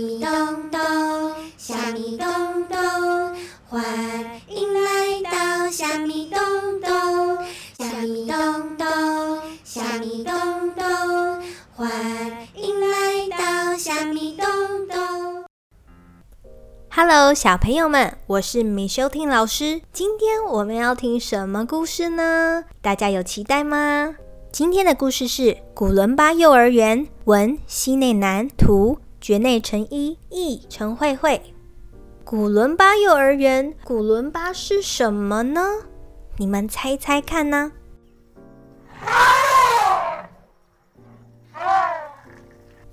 洞洞米咚咚，蝦米咚咚，歡迎來到蝦米咚咚。蝦米咚咚，蝦米咚咚，歡迎來到蝦米咚咚。h e l 小朋友們，我是米修婷老師。今天我們要聽什麼故事呢？大家有期待嗎？今天的故事是《古倫巴幼兒園》，文：西內南，圖。絕內成一易陳慧慧，古倫巴幼兒園。古倫巴是什麼呢？你們猜猜看呢？啊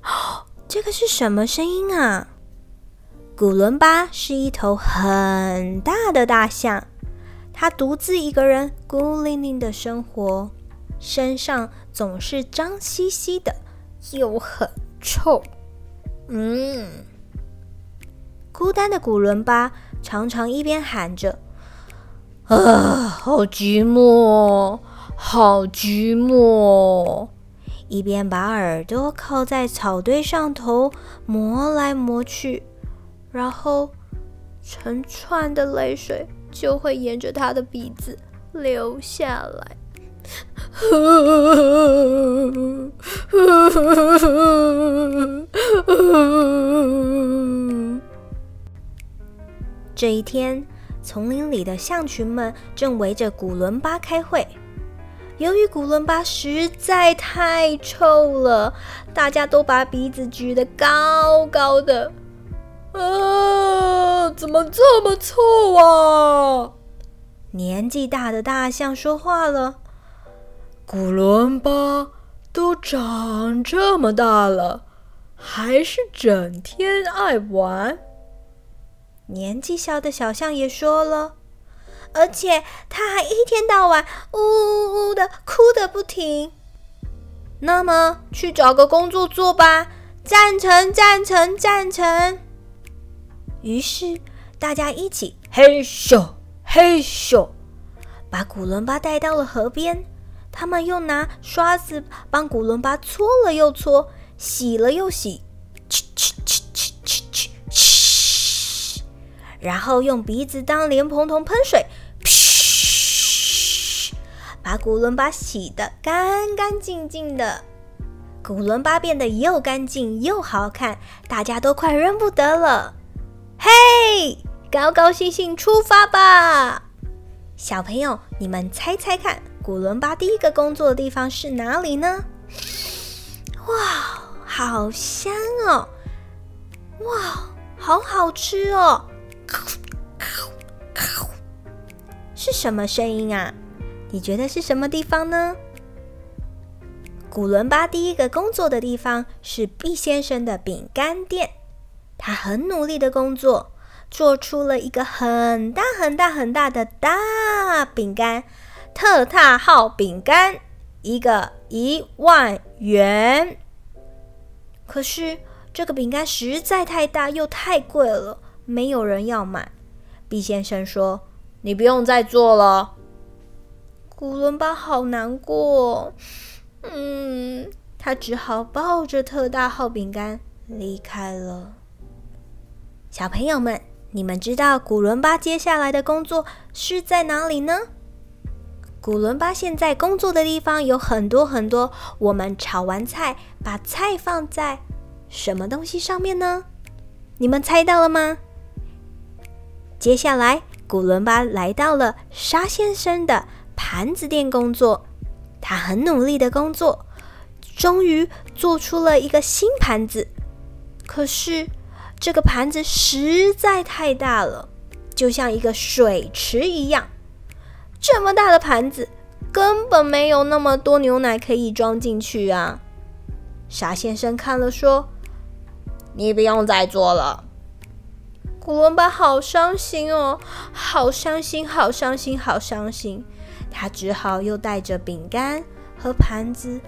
啊！這個是什麼聲音啊？古倫巴是一頭很大的大象，它獨自一個人孤零零的生活，身上總是髒兮兮的，又很臭。嗯，孤單的古倫巴常常一邊喊着“啊，好寂寞，好寂寞”，一邊把耳朵靠在草堆上頭磨來磨去，然後成串的淚水就會沿着他的鼻子流下來。這一天，叢林裡的象群們正圍着古倫巴開會。由於古倫巴實在太臭了，大家都把鼻子舉得高高的。啊！怎麼這麼臭啊？年紀大的大象說話了。古倫巴都長這麼大了，還是整天愛玩。年紀小的小象也說了，而且他還一天到晚嗚嗚嗚嗚的哭的不停。那麼去找個工作做吧！贊成，贊成，贊成。於是大家一起嘿咻嘿咻，把古倫巴帶到了河邊。他們又拿刷子幫古倫巴搓了又搓，洗了又洗，嘅嘅嘅嘅嘅嘅嘅嘅，然後用鼻子當蓮蓬頭噴水，噓噓，把古倫巴洗得乾乾淨淨的。古倫巴變得又乾淨又好看，大家都快認不得了。嘿，高高興興出發吧！小朋友，你們猜猜看。古倫巴第一個工作的地方是哪裡呢？哇，好香哦！哇，好好吃哦！咔嚓咔嚓咔嚓！是什麼聲音啊？你覺得是什麼地方呢？古倫巴第一個工作的地方是畢先生的餅乾店。他很努力的工作，做出了一個很大、很大、很大的大餅乾。特大號餅乾一個一萬元，可是這個餅乾實在太大又太貴了，沒有人要買。畢先生說：“你不用再做了。”古倫巴好難過，嗯，他只好抱着特大號餅乾離開了。小朋友們，你們知道古倫巴接下來的工作是在哪裡呢？古倫巴現在工作的地方有很多很多。我們炒完菜，把菜放在什麼東西上面呢？你們猜到了嗎？接下來，古倫巴來到了沙先生的盤子店工作。他很努力的工作，終於做出了一個新盤子。可是，這個盤子實在太大了，就像一個水池一樣。這麼大的盤子，根本沒有那麼多牛奶可以裝進去啊！傻先生看了說：“你不用再做了。”古倫巴好傷心哦，好傷心，好傷心，好傷心！他只好又帶着餅乾和盤子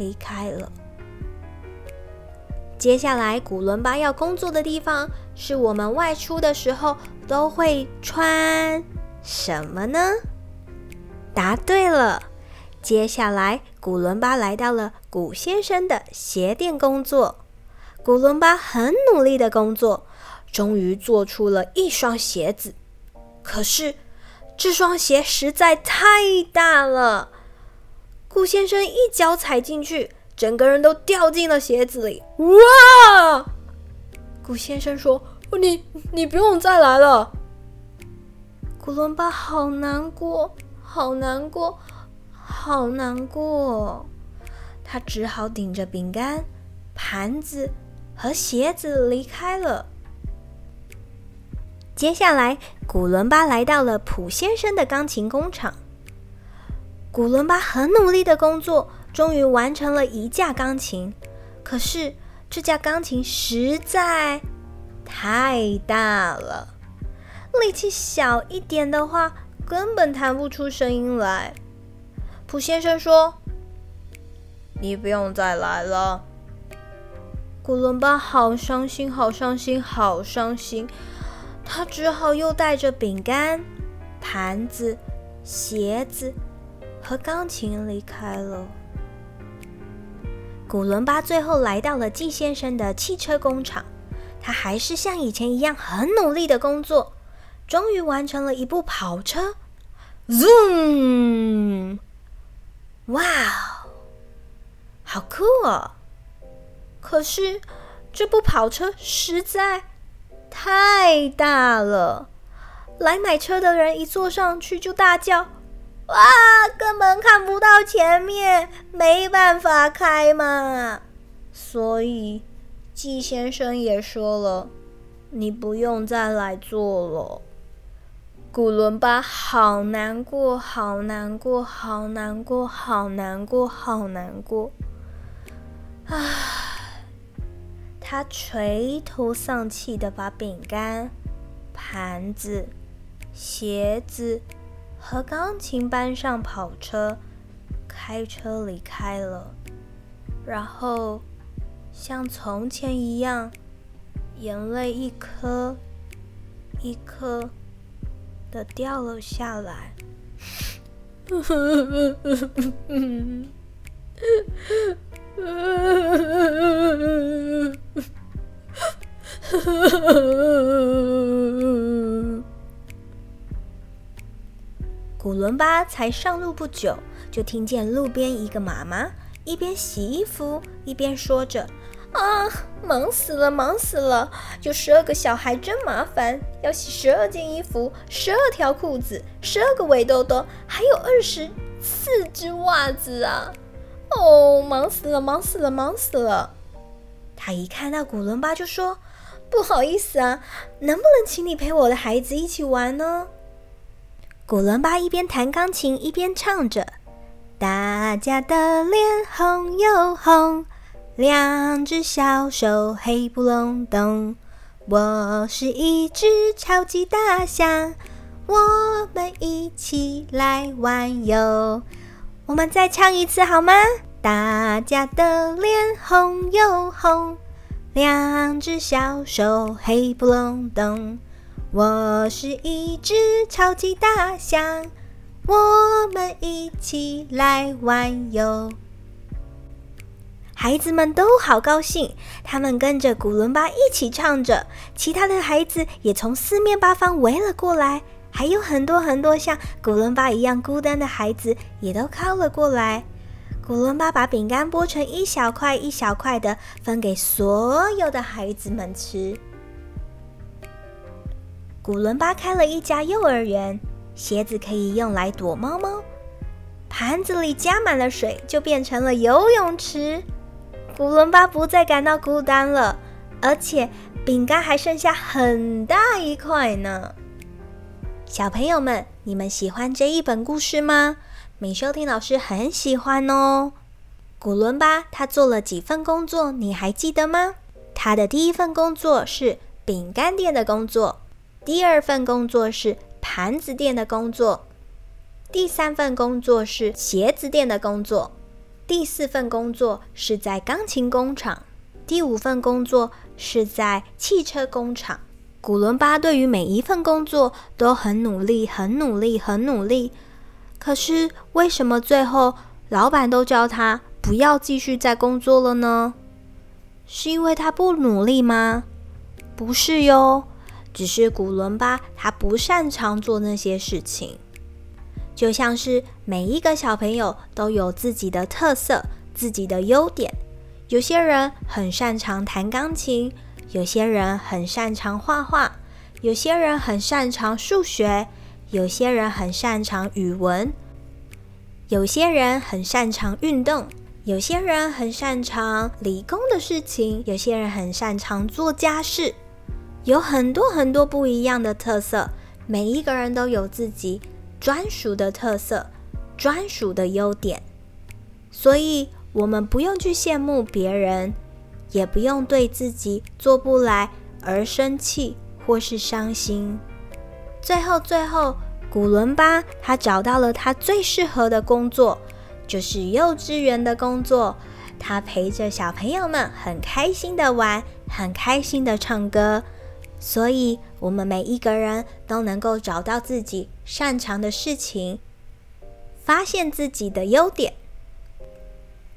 離開了。接下來，古倫巴要工作的地方是我們外出的時候都會穿什麼呢？答對了。接下來，古倫巴來到了古先生的鞋店工作。古倫巴很努力的工作，終於做出了一雙鞋子。可是，這雙鞋實在太大了。古先生一腳踩進去，整個人都掉進了鞋子裡。哇！古先生說：“你，你不用再來了。”古倫巴好難過。好難過，好難過哦，他只好頂着餅乾、盤子和鞋子離開了。接下來，古倫巴來到了普先生的鋼琴工廠。古倫巴很努力的工作，終於完成了一架鋼琴。可是，這架鋼琴實在太大了，力氣小一點的話，根本彈不出聲音來，普先生說：“你不用再來了。”古倫巴好傷心，好傷心，好傷心。他只好又帶着餅乾、盤子、鞋子和鋼琴離開了。古倫巴最後來到了季先生的汽車工廠，他還是像以前一樣很努力的工作。終於完成了一部跑車，zoom！哇，好酷啊！可是這部跑車實在太大了，來買車的人一坐上去就大叫：“哇，根本看不到前面，沒辦法開嘛！”所以季先生也說了，你不用再來坐了。古倫巴好難過，好難過，好難過，好難過，好難過！唉、啊，他垂頭喪氣地把餅乾、盤子、鞋子和鋼琴搬上跑車，開車離開了。然後，像從前一樣，眼淚一顆一顆。的掉了下來。 古倫巴才上路不久，就聽見路邊一個媽媽，一邊洗衣服，一邊說着。啊，忙死了，忙死了！有十二個小孩真麻煩，要洗十二件衣服，十二條褲子，十二個圍兜兜，還有二十四隻襪子啊！哦，忙死了，忙死了，忙死了！他一看到古倫巴就說：“不好意思啊，能不能請你陪我的孩子一起玩呢？”古倫巴一邊彈鋼琴一邊唱着：“大家的臉紅又紅。”兩隻小手黑不隆咚，我是一隻超級大象，我們一起來玩喲。我們再唱一次好嗎？大家的臉紅又紅，兩隻小手黑不隆咚，我是一隻超級大象，我們一起來玩喲。孩子們都好高興，他們跟着古倫巴一起唱着。其他的孩子也從四面八方圍了過來，還有很多很多像古倫巴一樣孤單的孩子也都靠了過來。古倫巴把餅乾剝成一小塊一小塊的，分給所有的孩子們吃。古倫巴開了一家幼兒園，鞋子可以用來躲貓貓，盤子裡加滿了水就變成了游泳池。古倫巴不再感到孤單了，而且餅乾還剩下很大一塊呢。小朋友們，你們喜歡這一本故事嗎？美秀婷老師很喜歡哦。古倫巴他做了幾份工作，你還記得嗎？他的第一份工作是餅乾店的工作，第二份工作是盤子店的工作，第三份工作是鞋子店的工作。第四份工作是在鋼琴工廠，第五份工作是在汽車工廠。古倫巴對於每一份工作都很努力，很努力，很努力。可是為什麼最後老板都叫他不要繼續再工作了呢？是因為他不努力嗎？不是喲，只是古倫巴他不擅長做那些事情。就像是每一個小朋友都有自己的特色、自己的優點。有些人很擅長彈鋼琴，有些人很擅長畫畫，有些人很擅長數學，有些人很擅長語文，有些人很擅長運動，有些人很擅長理工的事情，有些人很擅長做家事，有很多很多不一樣的特色。每一個人都有自己，專屬的特色，專屬的優點，所以我們不用去羨慕別人，也不用對自己做不來而生氣或是傷心。最後，最後，古倫巴他找到了他最適合的工作，就是幼稚園的工作。他陪着小朋友們很開心的玩，很開心的唱歌。所以，我們每一個人都能夠找到自己擅長的事情，發現自己的優點，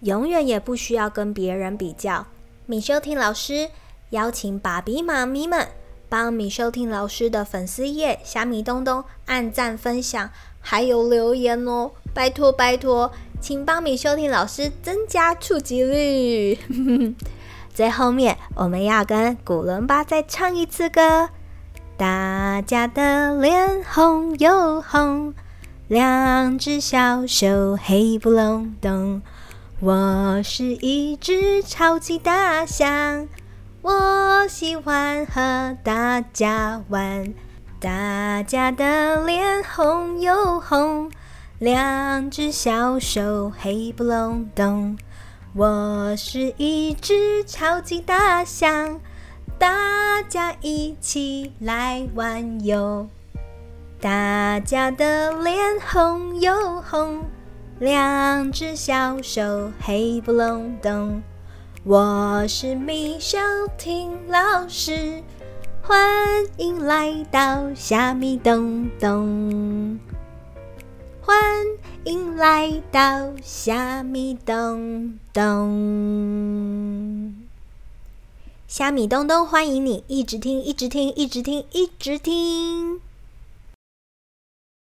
永遠也不需要跟別人比較。米修婷老師邀請爸比媽咪們幫米修婷老師的粉絲頁“蝦米東東”按讚、分享，還有留言哦，拜託拜託，請幫米修婷老師增加觸及率。 最後面，我們要跟古倫巴再唱一次歌。大家的臉紅又紅，兩隻小手黑不隆咚。我是一隻超級大象，我喜歡和大家玩。大家的臉紅又紅，兩隻小手黑不隆咚。我是一隻超級大象，大家一起來玩喲，大家的臉紅又紅，兩隻小手黑不隆咚。我是米小婷老師，歡迎來到蝦米咚咚，歡迎來到蝦米咚。咚！蝦米咚咚，歡迎你，一直聽，一直聽，一直聽，一直聽。